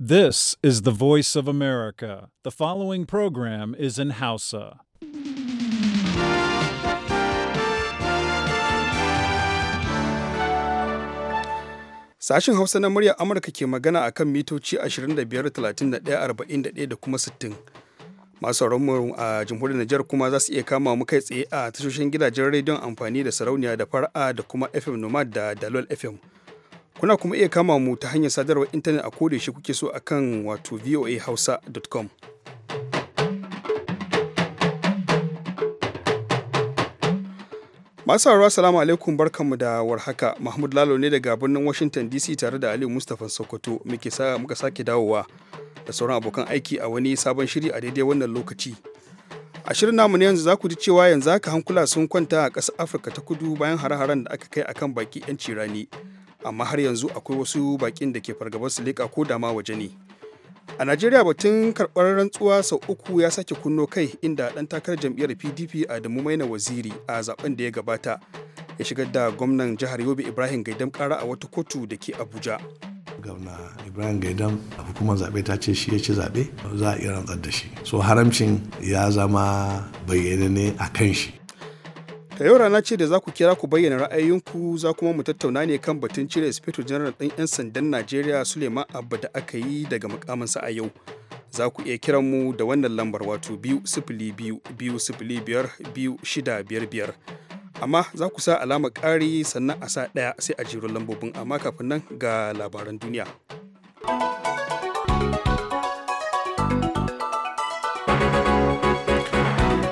This is the voice of America. The following program is in Hausa. Sashen Hausa na murya Amurka ke magana a kan mitoci 25,31,41 da kuma 60. Masu mu a jamhuriyar Nijar kuma za su iya kama mu kai tsaye a tashoshin gidajen rediyon amfani da sarauniya da fara'a da kuma FM Nomad da Dalol FM. Kuna kuma iya kama mu ta hanyar sadarwar intanet a kodayaushe kuke so a kan wato voahausa.com. Masu sauraro salamu alaikum barkanmu da warhaka Mahmud Lalo ne daga birnin Washington DC tare da Aliyu Mustapha Sokoto muke sa muka sake dawowa da sauran abokan aiki a wani sabon shiri a daidai wannan lokaci. A shirin namu ne yanzu za ku ji cewa yanzu haka hankula sun kwanta a ƙasar Afirka ta kudu bayan hare-haren da aka kai akan baki 'yanci rani. amma har yanzu akwai wasu bakin da ke fargabar su leƙa ko dama waje ne a najeriya batun karɓar rantsuwa sau uku ya sake kunno kai inda ɗan takarar jam'iyyar pdp adamu maina waziri a zaben da ya gabata ya shigar da gwamnan jihar yobe ibrahim gaidam ƙara a wata kotu da ke abuja gwamna ibrahim gaidam a hukumar zaɓe ta ce shi ya ci zaɓe za a iya rantsar da shi so haramcin ya zama bayyane ne a kan shi da yau rana ce da za ku kira ku bayyana ra'ayinku za kuma mu tattauna ne kan batun cire Inspector General ɗin 'yan sandan Najeriya Suleiman Abba da aka yi daga mukaminsa a yau. Za ku iya kiran mu da wannan lambar wato biyu sifili biyu biyu sifili biyar biyu shida biyar biyar. Amma za ku sa alama ƙari sannan a sa ɗaya sai a jiro lambobin amma kafin nan ga labaran duniya.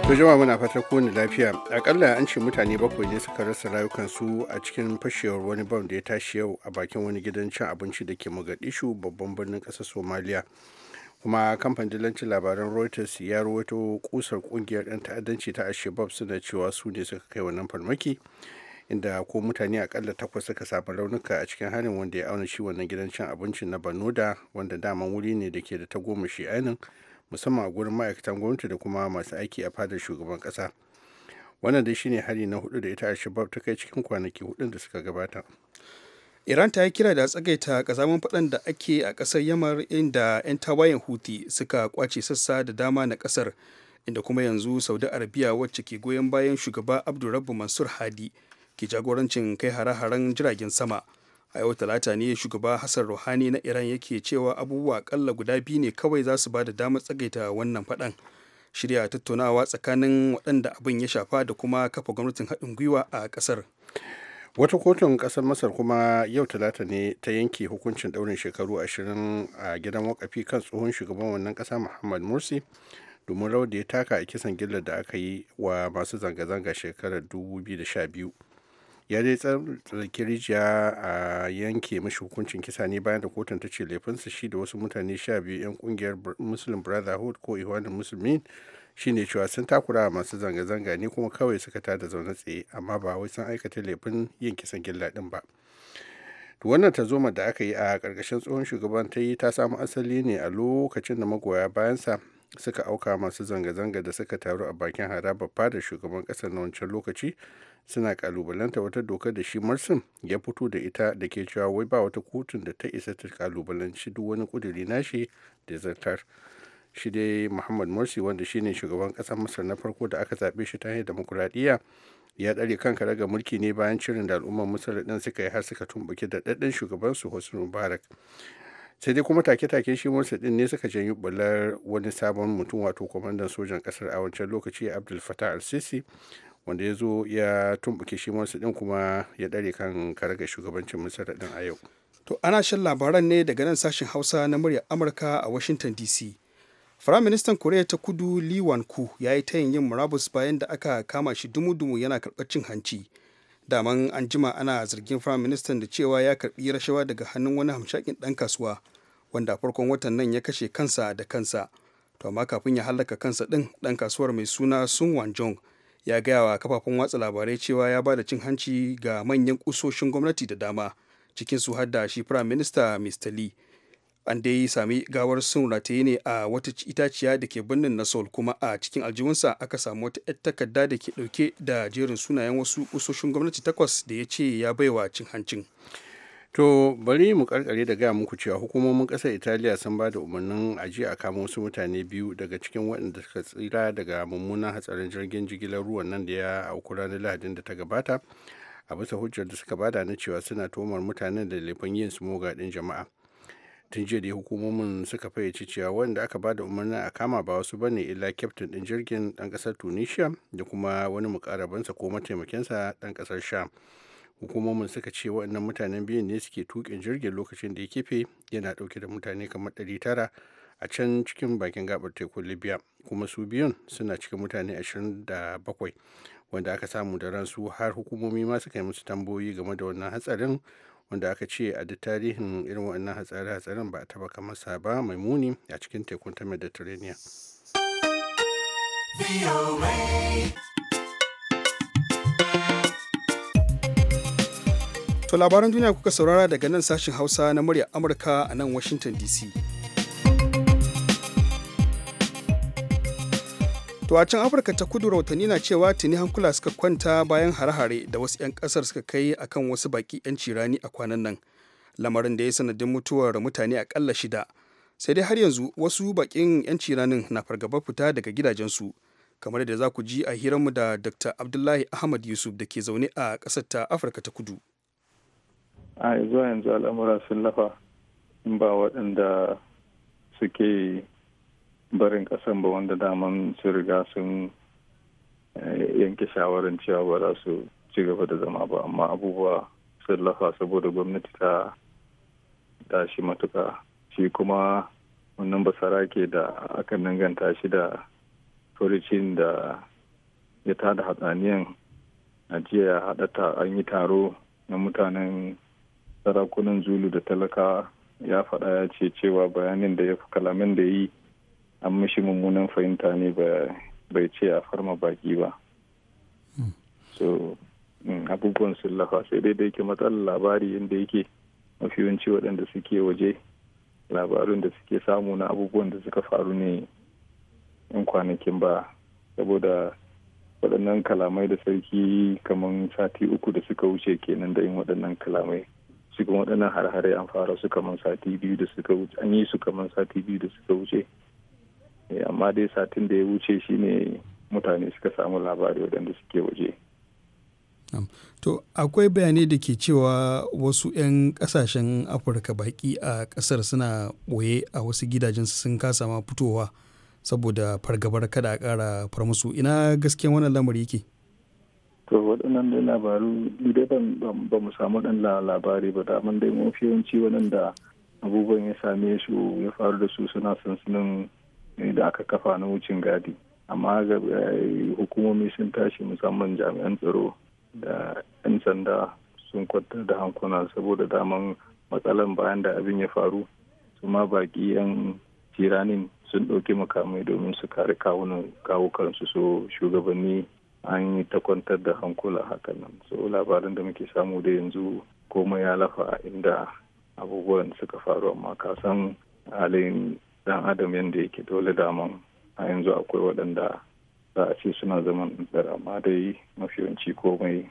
to jama muna fatar kowane lafiya akalla an ce mutane bakwai ne suka rasa rayukansu a cikin fashewar wani bam da ya tashi yau a bakin wani gidan cin abinci da ke mogadishu babban birnin ƙasar somaliya kuma kamfanin dillancin labaran reuters ya rawaito kusar kungiyar 'yan ta'addanci ta ashebab suna cewa su ne suka kai wannan farmaki inda ko mutane akalla takwas suka samu raunuka a cikin harin wanda ya auna shi wannan gidan cin abincin na banoda wanda daman wuri ne da ke da tagomashi ainihin musamman a gurin ma'aikatan gwamnati da kuma masu aiki a fadar shugaban kasa wannan dai shine hari na hudu da ita al-shabab ta kai cikin kwanaki hudun da suka gabata iran ta yi kira da tsagaita kazamin faɗan da ake a ƙasar yamar inda 'yan tawayen huti suka kwace sassa da dama na ƙasar inda kuma yanzu saudi arabia wacce ke goyon bayan shugaba abdurrabbu mansur hadi ke jagorancin kai hare-haren jiragen sama a yau talata ne shugaba hassan ruhani na iran yake cewa abubuwa akalla guda biyu ne kawai za su ba da damar tsagaita wannan faɗan shirya tattaunawa tsakanin waɗanda abin ya shafa da kuma kafa gwamnatin haɗin gwiwa a ƙasar wata kotun ƙasar masar kuma yau talata ne ta yanke hukuncin ɗaurin shekaru ashirin a gidan wakafi kan tsohon shugaban wannan ƙasa muhammad morsi domin rawar da ya taka a kisan gillar da aka yi wa masu zanga-zanga shekarar 2012 ya dai tsarki rijiya a yanke mashi hukuncin kisa ne bayan da kotun ta ce laifinsa shi da wasu mutane sha biyu 'yan kungiyar muslim brotherhood ko ihwanin musulmin shine cewa sun takura masu zanga-zanga ne kuma kawai suka ta da zaune tsaye amma ba wai sun aikata laifin yin kisan gilla din ba wannan tazoma da aka yi a ƙarƙashin tsohon shugaban ta yi ta samu asali ne a lokacin da magoya bayansa suka auka masu zanga-zanga da suka taru a bakin harabar fadar shugaban kasar na wancan lokaci suna kalubalanta wata dokar da shi marsin ya fito da ita da ke cewa wai ba wata kotun da ta isa ta kalubalanci duk wani kuduri nashi da zartar shi dai muhammad morsi wanda shine shugaban kasar masar na farko da aka zaɓe shi ta hanyar demokuraɗiyya ya ɗare kanka raga mulki ne bayan cirin da al'ummar masar ɗin suka yi har suka tumɓuki da ɗaɗɗin shugabansu hosni mubarak sai dai kuma take-take shi morsi din ne suka janyi bular wani sabon mutum wato kwamandan sojan kasar a wancan lokaci abdul fatah al-sisi wanda ya zo ya tumbuke shi din kuma ya dare kan karaga shugabancin misira din a yau to ana shan labaran ne daga nan sashen hausa na muryar amurka a washington dc Firaministan koreya ta Kudu Lee Wan-ku ya yi tayin yin murabus bayan da aka kama shi dumu-dumu yana karɓar cin hanci. daman an jima ana zargin firayim ministan da cewa ya karbi rashawa daga hannun wani hamshakin dan kasuwa wanda a farkon watan nan ya kashe kansa da kansa to amma kafin ya hallaka kansa din dan kasuwar mai suna sun wanjong ya gaya wa kafafen watsa labarai cewa ya ba da cin hanci ga manyan kusoshin gwamnati da dama cikin su har da shi firayim minista mr lee an dai sami gawar sun rataye ne a wata itaciya da ke birnin na sol kuma a cikin aljihunsa aka samu wata 'yar takarda da ke dauke da jerin sunayen wasu kusoshin gwamnati takwas da ya ce ya baiwa cin hancin to bari mu karkare da gaya muku cewa hukumomin kasar italiya sun ba da umarnin aji a kama wasu mutane biyu daga cikin waɗanda suka tsira daga mummunan hatsarin jirgin jigilar ruwan nan da ya auku ranar lahadin da ta gabata a bisa hujjar da suka bada na cewa suna tomar mutanen da laifin yin smoga din jama'a tun jiya da hukumomin suka fayyace cewa wanda aka bada umarnin a kama ba wasu bane illa kyaftin din jirgin dan kasar tunisia da kuma wani mukarabansa ko mataimakinsa dan kasar sham hukumomin suka ce waɗannan mutanen biyun ne suke tukin jirgin lokacin da ya kefe yana ɗauke da mutane kamar ɗari tara a can cikin bakin gabar tekun libya kuma su biyun suna cikin mutane ashirin da bakwai wanda aka samu da ransu har hukumomi ma suka yi musu tambayoyi game da wannan hatsarin wanda aka ce a duk tarihin irin wannan hatsare-hatsaren ba a taba kamarsa ba mai muni a cikin tekun ta mediterranean To labaran duniya kuka saurara daga nan sashin Hausa na muryar Amurka a nan Washington DC. To a can Afirka ta kudu rautani na cewa tuni hankula suka kwanta bayan hare-hare da wasu 'yan kasar suka kai akan wasu baki 'yan cirani a kwanan nan. Lamarin da ya sanadin mutuwar mutane akalla shida. Sai dai har yanzu wasu bakin 'yan ciranin na fargaba fita daga gidajensu. Kamar da za ku ji a hiranmu da Dr. Abdullahi Ahmad Yusuf da ke zaune a ƙasar ta Afirka ta kudu. A yanzu al'amura sun lafa in ba waɗanda suke barin kasan ba wanda daman sun riga sun eh, yanke shawarar cewa ba za su ci gaba da zama ba amma abubuwa sun lafa saboda gwamnati ta tashi matuka shi kuma wannan basara ke da aka danganta shi da furicin da ya tada hatsaniyan a jiya haɗa an yi taro na mutanen sarakunan zulu da talaka ya faɗa ya ce cewa bayanin da ya fi kalamin da yi an mishi mummunan fahimta ne bai ce a farma baki ba hmm. so mm, abubuwan sun lafa sai dai da yake matsalar labari yadda yake mafi yawanci waɗanda suke waje labarin da suke samu na abubuwan da suka faru ne in kwanakin ba saboda waɗannan kalamai da sarki kamar sati uku da suka wuce kenan da yin waɗannan kalamai cikin waɗannan har-hare an fara su kamar sati biyu da suka wuce an yi su kamar sati biyu da suka wuce Eh, amma dai satin da ya wuce shine mutane suka samu labari waɗanda suke waje to akwai bayanai da ke cewa wasu 'yan kasashen afirka baki a ƙasar suna ɓoye a wasu gidajen sun kasa ma fitowa saboda fargabar kada a ƙara farmusu ina gaskiyan wannan lamari yake to waɗannan da labaru dai ba mu samu ɗan labari ba da dai mafi yawanci waɗanda abubuwan ya same su ya faru da su suna sansanin da aka kafa na wucin gadi amma eh, hukumomi sun tashi musamman jami'an tsaro da 'yan sanda sun kwantar da hankuna saboda daman matsalan bayan da abin ya faru su ma baki 'yan jiranin sun ɗauki makamai domin su kare kawunan kawo kansu so shugabanni an yi ta kwantar da hankula hakan nan so labarin da muke samu da yanzu komai ya lafa inda abubuwan suka faru amma kasan san halin dan adam yadda yake dole daman a yanzu akwai waɗanda za a ce suna zaman ɗar amma dai mafi yawanci komai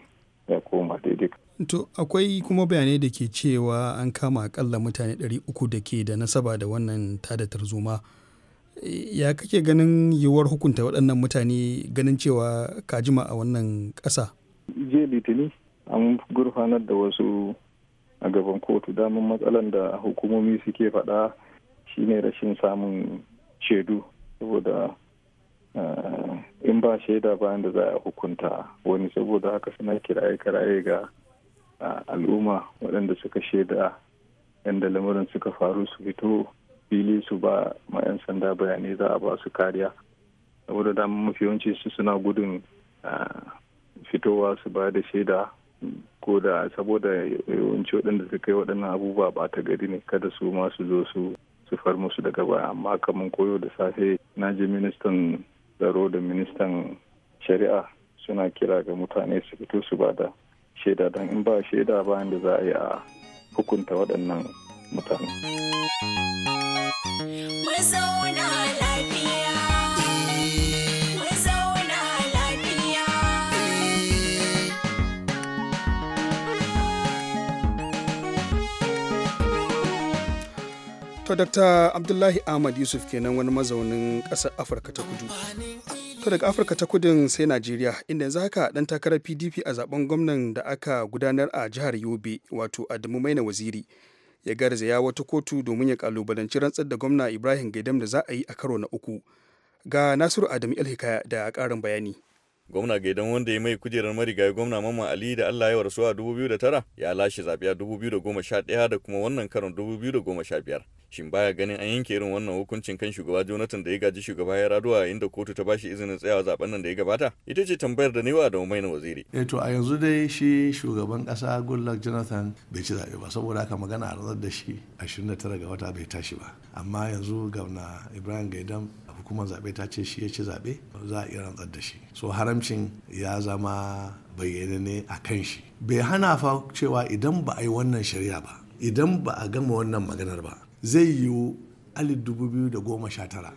ya koma daidai. To akwai kuma bayanai da ke cewa an kama akalla mutane ɗari uku da ke da nasaba da wannan tada tarzoma. Ya kake ganin yiwuwar hukunta waɗannan mutane ganin cewa kajima a wannan ƙasa? Je litini an gurfanar da wasu a gaban kotu damar matsalan da hukumomi suke faɗa shine rashin samun shaidu saboda eh, in ba shaida bayan da za a hukunta wani saboda haka suna kiraye-kiraye ga eh, al'umma waɗanda suka shaida yadda lamarin suka faru su fito fili su ba ma 'yan sanda bayanai za a ba su kariya saboda damar mafi yawanci su suna gudun eh, fitowa su ba da shaida ko da saboda yawanci waɗanda suka yi waɗannan abubuwa ba ta gari ne kada su ma su zo su su far musu daga baya amma kamar koyo da safe na ji ministan tsaro da ministan shari'a suna kira ga mutane su fito su ba da shaida don in ba shaida bayan da za a yi a hukunta waɗannan mutane. lafiya. To Dr. Abdullahi Ahmad Yusuf kenan wani mazaunin ƙasar Afirka ta Kudu. To daga Afirka ta Kudun sai Najeriya inda yanzu haka ɗan takarar PDP a zaben gwamnan da aka gudanar a jihar Yobe wato Adamu Maina Waziri ya garzaya wata kotu domin ya kalubalanci rantsar da gwamna Ibrahim Gaidam da za a yi a karo na uku. Ga Nasiru Adamu Ilhikaya da ƙarin bayani. gwamna gaidan wanda ya mai kujerar marigayi gwamna mamman ali da allah ya warsu a 2009 ya lashe zaɓe a 2011 da kuma wannan karon 2015 shin baya ganin an yanke irin wannan hukuncin kan shugaba jonathan da ya gaji shugaba ya raduwa inda kotu ta bashi izinin tsayawa zaben nan da ya gabata ita ce tambayar da newa da umaina waziri eh to a yanzu dai shi shugaban kasa goodluck jonathan bai ci zaɓe ba saboda haka magana a da shi 29 ga wata bai tashi ba amma yanzu gwamna ibrahim gaidan. hukumar zaɓe ta ce shi ya ci zaɓe za a iya rantsar da shi so haramcin ya zama bayyana ne a kan shi bai hana fa cewa idan ba a yi wannan shari'a ba idan ba a gama wannan maganar ba zai yiwu alif dubu biyu da goma sha tara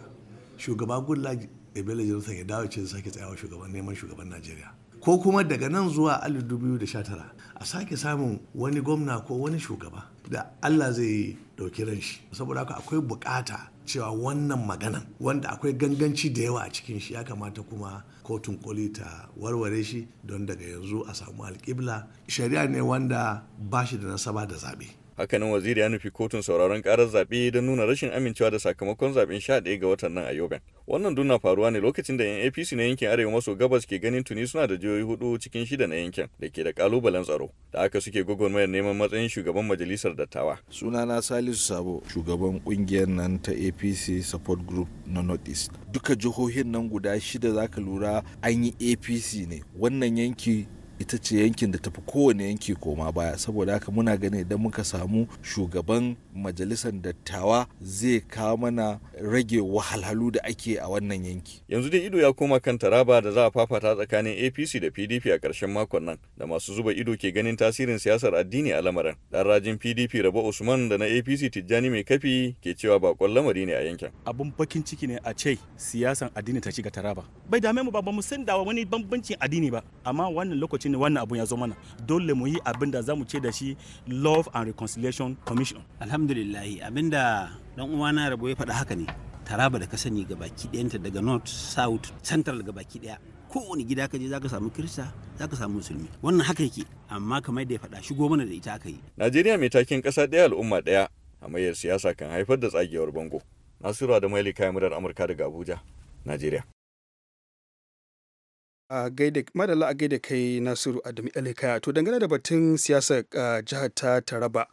shugaba goodluck ebele jonathan ya dawo ce sake tsayawa shugaban neman shugaban najeriya ko kuma daga nan zuwa alif dubu biyu da sha tara a sake samun wani gwamna ko wani shugaba da allah zai ɗauki ran shi saboda haka akwai bukata cewa wannan maganan wanda akwai ganganci da yawa a cikin shi ya kamata kuma kotun koli ta warware shi don daga yanzu a samu alƙibla shari'a ne wanda ba shi da nasaba da zaɓe hakanan waziri ya nufi kotun sauraron karar zaɓe don nuna rashin amincewa da sakamakon zaɓen sha ɗaya ga watan nan a yoben wannan duna faruwa ne lokacin da yan apc na yankin arewa maso gabas ke ganin tuni suna da jihohi hudu cikin shida na yankin da ke da kalubalen tsaro da aka suke gwagwarmayar neman matsayin shugaban majalisar dattawa sunana salisu sabo shugaban kungiyar nan ta apc support group na north east. duka jihohin nan guda shida zaka lura an yi apc ne wannan yanki ita ce yankin da tafi kowane yanki koma baya saboda haka muna ganin idan muka samu shugaban majalisar dattawa zai kawo mana rage wahalhalu da ake a wannan yanki yanzu dai ido ya koma kan taraba da za a fafata tsakanin apc da pdp a ƙarshen makon nan da masu zuba ido ke ganin tasirin siyasar addini a lamarin dan rajin pdp rabo usman da na apc tijjani mai kafi ke cewa bakon lamari ne a yankin abun bakin ciki ne a ce siyasan addini ta shiga taraba bai dame mu ba ba mu san da wani bambancin addini ba amma wannan lokacin shine wannan abun ya zo mana dole mu yi abin da za mu ce da shi love and reconciliation commission alhamdulillah abinda dan uwana rabo ya faɗa haka ne taraba da ka sani ga baki ɗayanta daga north south central ga baki ɗaya kowane gida ka je za ka samu kirista za ka samu musulmi wannan haka yake amma kamar da ya faɗa shigo mana da ita aka yi najeriya mai takin ƙasa ɗaya al'umma ɗaya a mayar siyasa kan haifar da tsagewar bango nasiru da maili kayan murar amurka daga abuja najeriya a madalla a gaida kai nasiru adamu alikaya to dangane da batun siyasar jihar ta taraba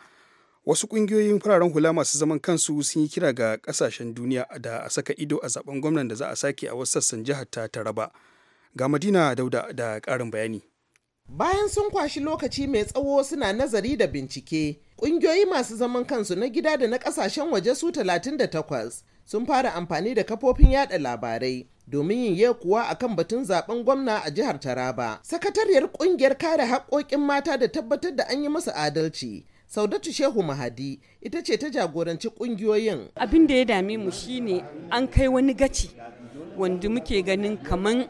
wasu kungiyoyin fararen hula masu zaman kansu sun yi kira ga kasashen duniya da a saka ido a zaben gwamnan da za a sake a wasu sassan jihar ta taraba ga madina dauda da karin bayani bayan sun kwashi lokaci mai tsawo suna nazari da bincike kungiyoyi masu zaman kansu na gida da na kasashen waje su 38 sun fara amfani da kafofin yada labarai domin yin yekuwa kan batun zaben gwamna a jihar Taraba. Sakatariyar kungiyar kare haƙoƙin mata da tabbatar da an yi musu adalci. Saudatu Shehu Mahadi ita ce ta jagoranci ƙungiyoyin. Abin da ya dame mu shine an kai wani gaci wanda muke ganin kaman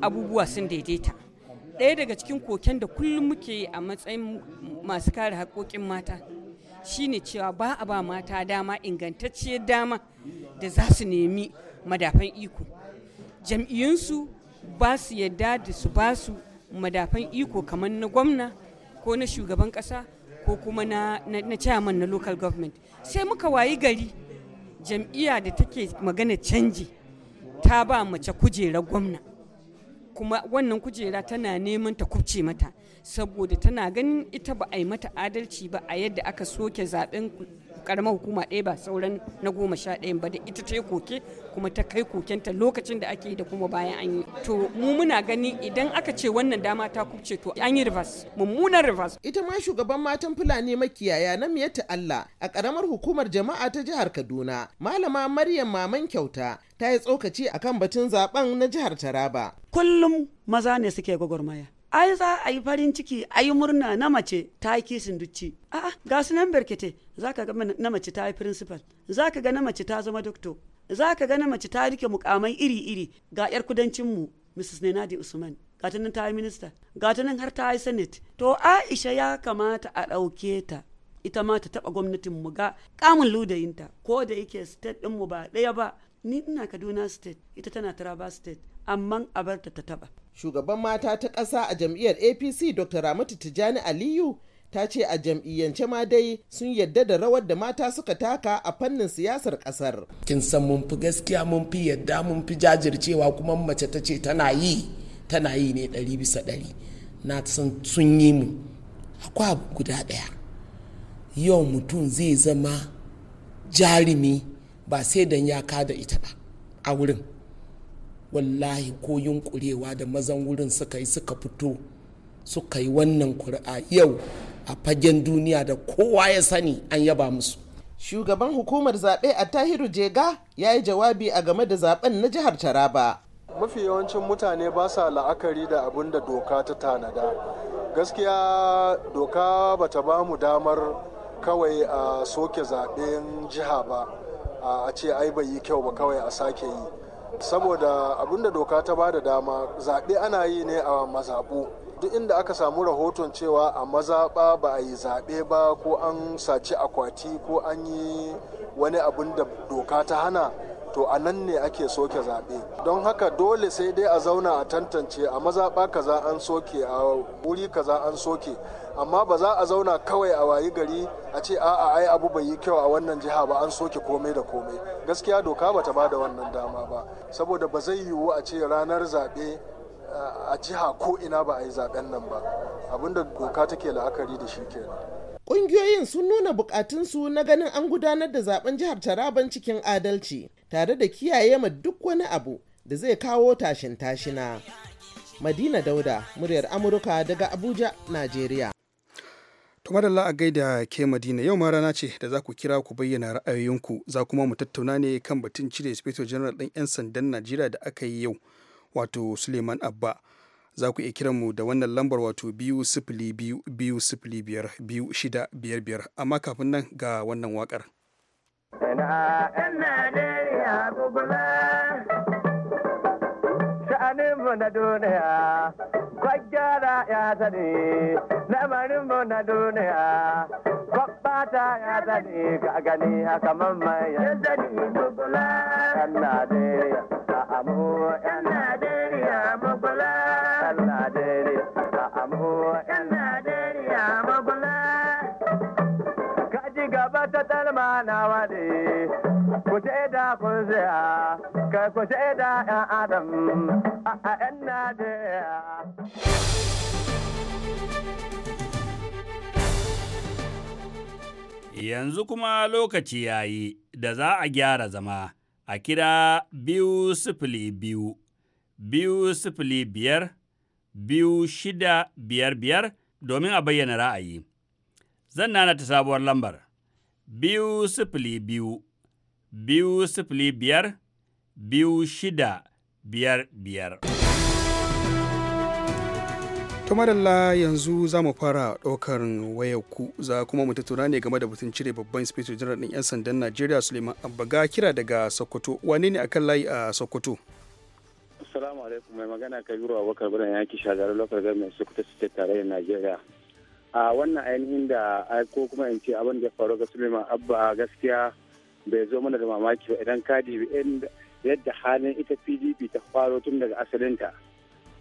abubuwa sun daidaita. Ɗaya daga cikin koken da kullum muke a matsayin masu kare haƙoƙin mata shine cewa ba a ba mata dama ingantacciyar dama da za su nemi madafan iko jam'iyyunsu ba su yadda da su ba su madafan iko kamar na gwamna ko na shugaban ƙasa ko kuma na, na, chairman na local government sai muka wayi gari jam'iyya da take magana canji ta ba mace kujera gwamna kuma wannan kujera tana neman ta kubce mata saboda tana ganin ita ba a yi mata adalci ba a yadda aka soke zaben karamar hukuma ɗaya ba sauran na goma sha ɗaya ba da ita ta yi koke kuma ta kai kokenta lokacin da ake yi da kuma bayan an yi to mu muna gani idan aka ce wannan dama ta kubce to an yi reverse mummunan reverse ita ma shugaban matan fulani makiyaya na ta Allah a karamar hukumar jama'a ta jihar Kaduna malama Maryam Maman Kyauta ta yi tsokaci akan batun zaben na jihar Taraba kullum maza ne suke gwagwarmaya ai za a yi farin ciki a yi murna na mace ta yi kisin duci. a'a ga su nan berkete za ka ga na mace ta yi principal za ka ga na mace ta zama doctor za ka ga na mace ta rike mukamai iri-iri ga 'yar kudancinmu mrs nenadi usman ga ta nan ta yi minista ga ta nan har ta yi senate to aisha ya kamata a ɗauke ta ita ma ta taɓa gwamnatin mu ga kamun ludayinta ko da yake state mu ba ɗaya ba ni ina kaduna state ita tana taraba state amma a barta ta ta taɓa shugaban mata ta ƙasa a jam'iyyar apc dr ramatu tijjani aliyu ta ce a jam'iyyance ma dai sun yadda da rawar da mata suka taka a fannin siyasar ƙasar kin san mun fi gaskiya mun fi yadda mun fi jajircewa kuma mace ta ce tana yi tana yi ne ɗari bisa ɗari na san sun yi mu akwai abu guda ɗaya yau mutum zai zama jarumi ba sai dan ya kada ita ba a wurin wallahi ko yunkurewa da mazan wurin suka yi suka fito suka yi wannan kuri'a yau a fagen duniya da kowa ya sani an yaba musu shugaban hukumar zaɓe a tahiru jega ya yi jawabi a game da zaben na jihar taraba mafi yawancin mutane ba sa la'akari da abin da doka ta tanada gaskiya doka ba ta ba mu damar kawai a soke zaɓen jiha ba a ce ai bai yi kyau ba kawai a sake yi saboda abinda doka ta ba da dama zaɓe ana yi ne a mazaɓu duk inda aka samu rahoton cewa a mazaɓa ba a yi zaɓe ba ko an saci akwati ko an yi wani abin da doka ta hana to a nan ne ake soke zaɓe don haka dole sai dai a zauna a tantance a mazaɓa kaza an soke a wuri kaza an soke amma ba za a zauna kawai a wayi gari a ce a'a ai abu bai yi kyau a wannan jiha ba an soke komai da komai gaskiya doka ba ta bada wannan dama ba saboda ba zai yiwu a ce ranar zaɓe a jiha ko ina ba a yi zaɓen nan ba abinda doka take la'akari da shi kenan Ƙungiyoyin sun nuna bukatunsu na ganin an gudanar da zaben jihar Taraban cikin adalci. tare da kiyaye ma duk wani abu da zai kawo tashin tashina. Madina Dauda, muryar Amurka daga Abuja, Najeriya. To madalla a gaida ke Madina yau ma rana ce da za ku kira ku bayyana ra'ayoyinku za kuma mu tattauna ne kan batun cire Inspector General ɗin 'yan sandan Najeriya da aka yi yau wato Suleiman Abba. Za ku iya kiran mu da wannan lambar wato biyu sifili biyu biyu sifili biyar biyu shida biyar biyar amma kafin nan ga wannan waƙar. ya gugula sha'aninmu na duniya kwaggara ya sani lamarinmu na duniya kwabbata ya sani ka gani haka mamman ya sani gugula yan najeriya a amu yan najeriya mugula yan najeriya a amu yan ku adam a 'yan najeriya yanzu kuma lokaci ya yi da za a gyara zama a kira biyu sifili biyu biyu sifili biyar biyu shida biyar biyar domin a bayyana ra'ayi zan nana ta sabuwar lambar biyu sifili biyu biyu sifili biyar biyu shida biyar biyar. madalla yanzu za mu fara ɗaukar wayar ku za kuma mu tattauna ne game da batun cire babban inspector general ɗin 'yan sandan najeriya suleiman abbaga kira daga sokoto wane ne akan layi a sokoto assalamu alaikum mai magana kabiru abubakar birnin yaki shagarar lokar mai sokoto tare tarayyar najeriya a wannan ainihin da ko kuma in ce abin da ya faru ga suleiman abba gaskiya bai zo mana da mamaki ba idan ka dibi yadda halin ita pdp ta faro tun daga asalinta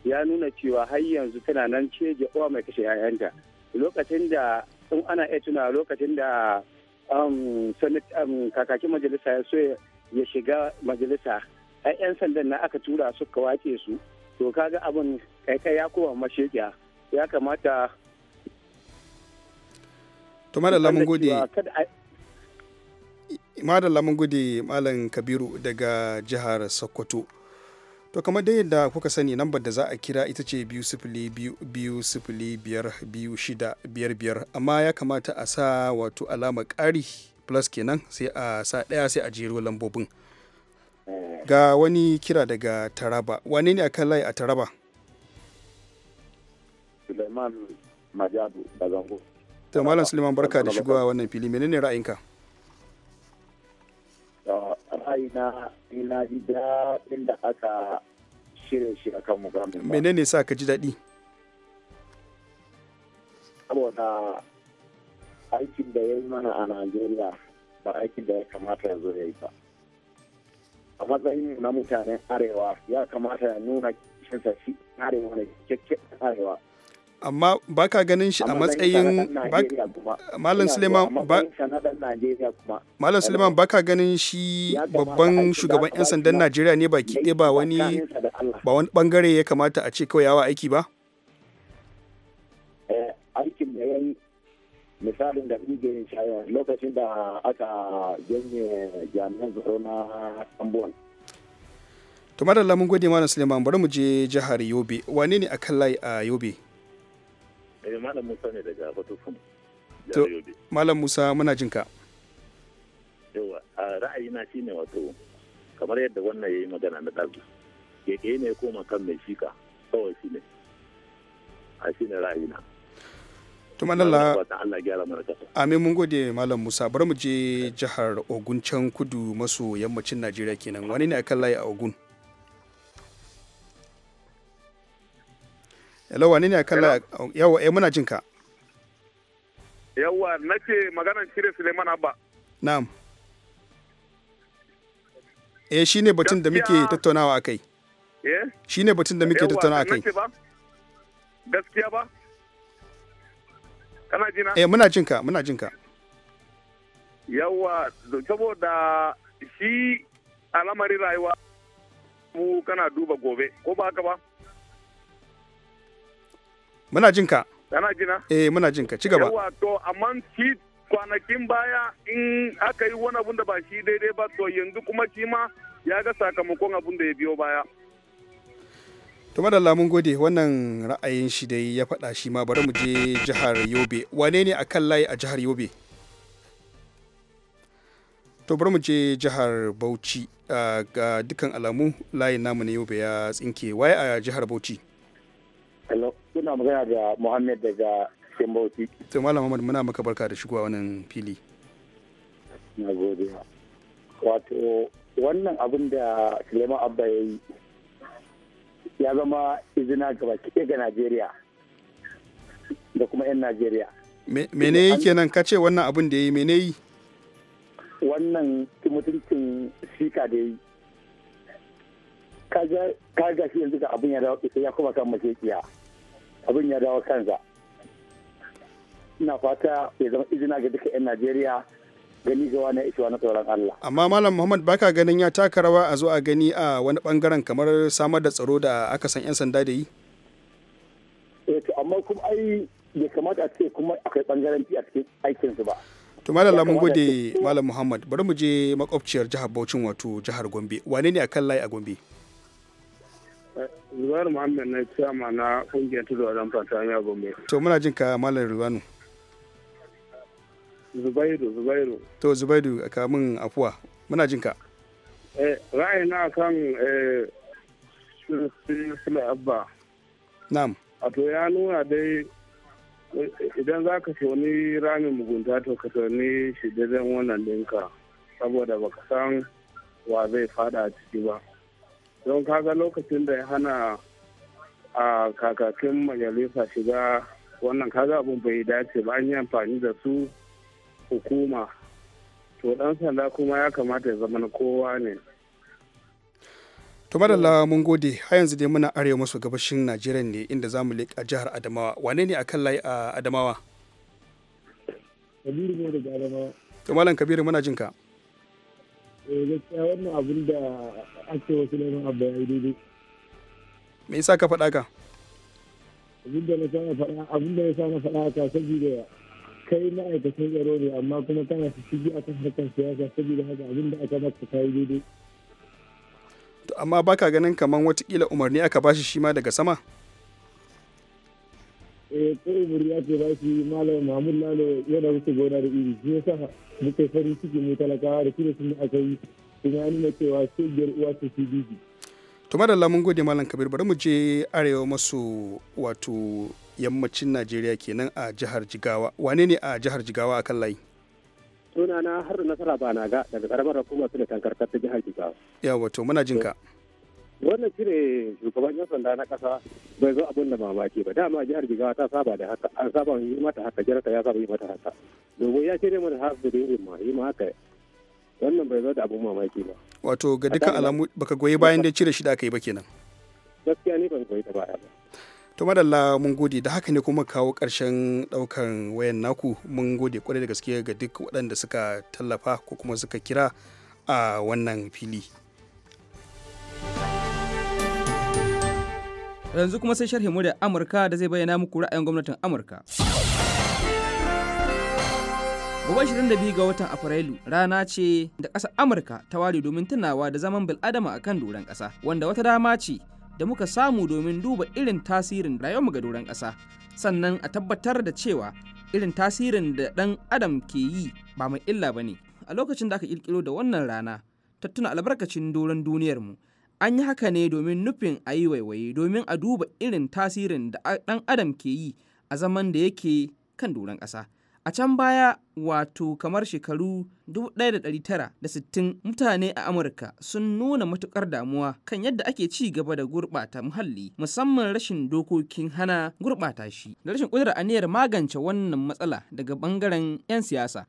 ya nuna cewa har yanzu tana nan ce uwa mai kashe 'ya'yanta lokacin da in ana iya tuna lokacin da um, um, kakaki majalisa ya so ya shiga majalisa ai 'yan sandan na aka tura suka wake su to kaga abin kaikai ya kowa mashekiya ya kamata to madalla mun gode Madan lamun gudi Malam Kabiru daga jihar Sokoto. To kamar dai yadda kuka sani lambar da za a kira ita ce biyu sifili biyu sifili biyar biyu shida biyar biyar amma ya kamata a sa wato alama ƙari plus kenan sai a sa ɗaya sai a jero lambobin. Ga wani kira daga Taraba wane ne akan layi a Taraba? Suleiman Majadu daga Ta Malam Suleiman barka da shigowa wannan fili menene ra'ayinka? na ina ji daɗin da aka shirya shi kan mukamin ba. Menene sa ka ji daɗi? Saboda aikin da ya yi mana a Najeriya ba aikin da ya kamata ya zo ya yi ba. A matsayin na mutanen Arewa ya kamata ya nuna kishinsa shi Arewa ne kyakkyawan Arewa. amma ba ka ganin shi a matsayin malam suleiman ba malam suleiman ba ka ganin shi babban shugaban 'yan sandan najeriya ne baki ɗaya ba wani ba wani bangare ya kamata a ce kawai yawa aiki ba eh, aikin da yayi misalin da ɗige lokacin da aka janye jami'an tsaro na tambon to madalla mun gode malam suleiman bari mu je jihar yobe wane ne akan layi a yobe eh malam musa ne daga batufun to malam musa muna jin ka yawa ra'ayina shine wato kamar yadda wannan yayi magana na ɗazu keke ne koma kan mai shika kawai shi ne a shi ne ra'ayina to madalla amin mun gode malam musa bari mu je jihar ogun can kudu maso yammacin najeriya kenan wani ne a kan layi a ogun hello wani ne kalla yawa eh muna jinka yawa nake maganan cire Suleiman Abba na'am eh shine batun da muke tattaunawa akai eh shine batun da muke tattaunawa akai gaskiya ba kana jina eh muna jinka muna jinka yawa saboda shi alamari rayuwa mu kana duba gobe ko ba haka ba Muna jinka. Kana jina? Eh muna jinka ci gaba. Yawa to amma shi kwanakin baya in aka yi wani abun da ba shi daidai ba to yanzu kuma shi ma ya ga sakamakon abun da ya biyo baya. To madalla mun gode wannan ra'ayin shi dai ya faɗa shi ma bari mu je jihar Yobe. Wane ne akan layi a jihar Yobe? To bari mu je jihar Bauchi ah, ga dukkan alamu layin namu na Yobe ya tsinke. Waye a jihar Bauchi? Hello, kuna magana da Muhammad daga Kimbauti. To Malam Muhammad muna maka barka da shigowa wannan fili. Na gode. Wato wannan abin da Suleiman Abba ya yi ya zama izina gaba baki ga Najeriya da kuma 'yan Najeriya. Mene yi kenan ka ce wannan abin da ya yi mene yi? Wannan mutuncin shika da ya yi. Ka ga shi yanzu ga abin ya dawo ya kuma kan mashekiya. abin ya dawo kansa ina fata ya zama izina ga duka 'yan najeriya gani ga wani ishiwa na tsoron Allah. Amma Malam Muhammad baka ganin ya taka rawa a zo a gani a wani bangaren kamar samar da tsaro da aka san 'yan sanda da yi? Eh to amma kuma ai ya kamata a ce kuma akwai fi a cikin su ba. To Malam gode Malam Muhammad bari mu je makwabciyar jihar Bauchin wato jihar Gombe. Wane ne akan layi a Gombe? Zubair Muhammad na ciyama na kungiyar tudu a zamfara ta hanyar Gombe. To muna jin ka Malam Rilwanu. Zubairu, Zubairu. To Zubairu ka min afuwa. Muna jin ka. Eh, na kan eh Abba. Nam. A to ya nuna dai idan za ka soni ramin mugunta to ka soni shi daidai wannan ɗinka saboda baka san wa zai fada a ciki ba. don kaga lokacin da ya hana a kakakin majalisa shiga wannan kaga abin bai dace ba an yi amfani da su hukuma to dan sanda kuma ya kamata ya zama na kowa ne tumar da mun gode har yanzu dai muna arewa maso gabashin najeriya ne inda za mu leƙa jihar adamawa wane ne akan layi a adamawa kabiru ne daga adamawa to malam kabiru muna jinka ka eh gaskiya wannan abin da ake wasu neman abu ya yi daidai me yasa ka faɗa ka abin da na sana faɗa abin da na sana faɗa ka saboda kai ma'aikacin tsaro ne amma kuma kana su shigi akan harkar siyasa saboda haka abin da aka maka ta yi daidai amma baka ganin kaman watakila umarni aka bashi shi ma daga sama Tuma eh, ce ba shi malam mahmud lalo yana wuce gona da iri shi yasa muka farin ciki mu talakawa da sun aka yi cewa uwa ta to madalla mun gode malam kabir bari mu je arewa maso wato yammacin najeriya kenan a jihar jigawa wane ne a jihar jigawa akan layi sunana har nasara ba na ga daga karamar hukumar su da tankar ta jihar jigawa yawa to muna jinka. wannan cire shugaban yan sanda na kasa bai zo abin da mamaki ba dama jihar jigawa ta saba da haka an saba yi mata haka ta ya saba yi mata haka domin ya cire mata har da yin ma yi ma haka wannan bai zo da abin mamaki ba wato ga dukkan alamu baka goyi bayan da cire shi da aka yi ba kenan gaskiya ne ban goyi ta baya ba to madalla mun gode da haka ne kuma kawo karshen daukan wayan naku mun gode kwarai da gaske ga duk waɗanda suka tallafa ko kuma suka kira a wannan fili Yanzu kuma sai sharhi mu da Amurka da zai bayyana muku ra'ayin gwamnatin Amurka. Gobe biyu ga watan Afrilu rana ce da ƙasar Amurka ta ware domin tunawa da zaman bil'adama akan doron ƙasa, wanda wata dama ce da muka samu domin duba irin tasirin rayuwarmu ga doron ƙasa, sannan a tabbatar da cewa irin tasirin da ɗan adam ke yi ba mai illa ba ne. A lokacin da aka ƙirƙiro da wannan rana, ta tuna albarkacin doron duniyarmu, an yi haka ne domin nufin a yi waiwaye domin a duba irin tasirin da ɗan adam ke yi a zaman da yake kan doron ƙasa a can baya wato kamar shekaru 1960 mutane a amurka sun nuna matukar damuwa kan yadda ake ci gaba da gurɓata muhalli musamman rashin dokokin hana gurɓata shi da rashin ƙudurar aniyar magance wannan matsala daga ɓangaren 'yan siyasa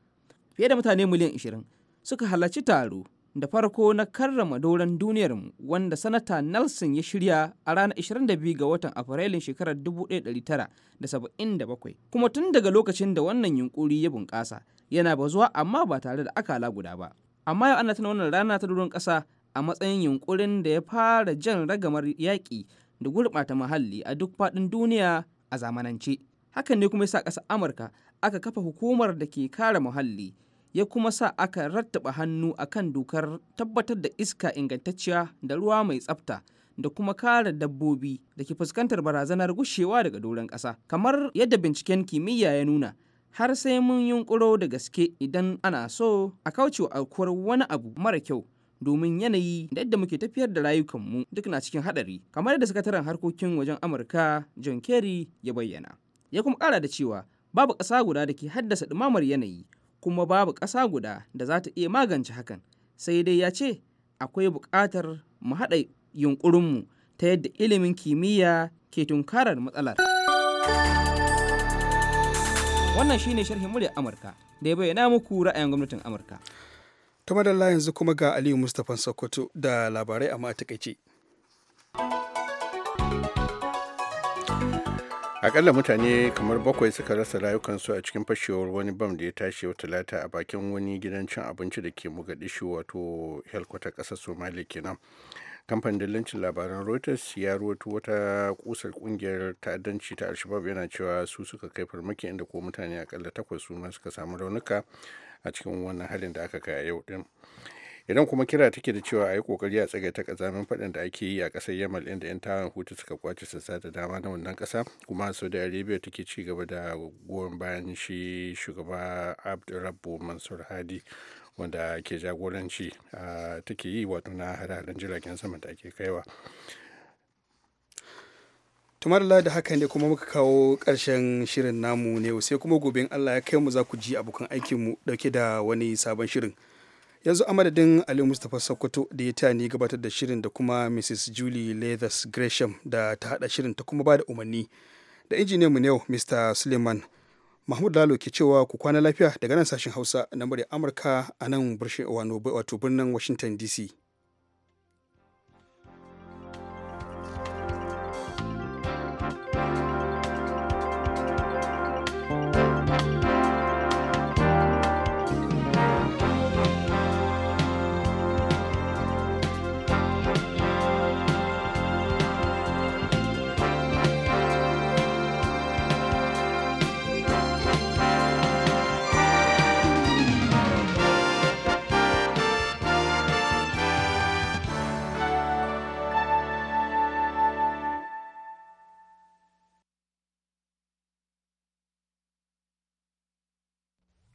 fiye da mutane miliyan 20 suka halarci taro da farko na karrama doron duniyarmu wanda sanata nelson ya shirya a ranar 22 ga watan afrilun shekarar 1977 kuma tun daga lokacin da wannan yunkuri ya bunƙasa yana ba zuwa amma ba tare da akala guda ba amma yau ana tana wannan rana ta doron ƙasa a matsayin yunkurin da ya fara jan ragamar yaƙi da gurɓata muhalli a duk faɗin duniya a zamanance hakan ne kuma ya sa ƙasar amurka aka kafa hukumar da ke kare muhalli ya kuma sa aka rattaba hannu a kan dokar tabbatar da iska ingantacciya da ruwa mai tsafta da kuma kare dabbobi da ke fuskantar barazanar gushewa daga doron ƙasa kamar yadda binciken kimiyya ya nuna har sai mun yunkuro da gaske idan ana so a wa aukuwar wani abu mara kyau domin yanayi da yadda muke tafiyar da rayukanmu duk na cikin haɗari kamar yadda sakataren harkokin wajen amurka john kerry ya bayyana ya kuma kara da cewa babu ƙasa guda da ke haddasa ɗumamar yanayi kuma babu ƙasa guda da za ta iya magance hakan sai dai ya ce akwai buƙatar mu haɗa yunƙurinmu ta yadda ilimin kimiyya ke tunkarar matsalar wannan shine sharhin muryar amurka da ya bayyana muku ra'ayin gwamnatin amurka ta madalla yanzu kuma ga aliyu mustapha sokoto da labarai amma a takaice akalla mutane kamar bakwai suka rasa rayukansu a cikin fashewar wani bam da ya tashi wa talata a bakin wani gidan cin abinci da ke mogadishu wato helkwata ƙasar somali kenan kamfanin dillancin labaran reuters ya ruwato wata kusar kungiyar ta'addanci ta alshabab yana cewa su suka kai farmaki inda ko mutane akalla takwas su suka samu raunuka a cikin wannan halin da aka kai a yau din idan kuma kira take da cewa a yi kokari a tsagai ta kazamin faɗin da ake yi a ƙasar yamal inda 'yan tawon hutu suka kwace sassa da dama na wannan ƙasa kuma saudi arabia take ci gaba da goyon bayan shi shugaba abdurrabbu mansur hadi wanda ke jagoranci take yi wato na hada-hadan jiragen sama da ake kaiwa tumar da haka ne kuma muka kawo ƙarshen shirin namu ne sai kuma gobe allah ya kai mu za ku ji abokan aikinmu ɗauke da wani sabon shirin yanzu a madadin ali mustapha sokoto da ya tani gabatar da shirin da kuma mrs julie leathers gresham da ta hada shirin ta kuma da umarni da injiniyan mu yau mr suleiman mahmud lalo ke cewa ku kwana lafiya daga nan sashen hausa na murya amurka a nan wato birnin washington dc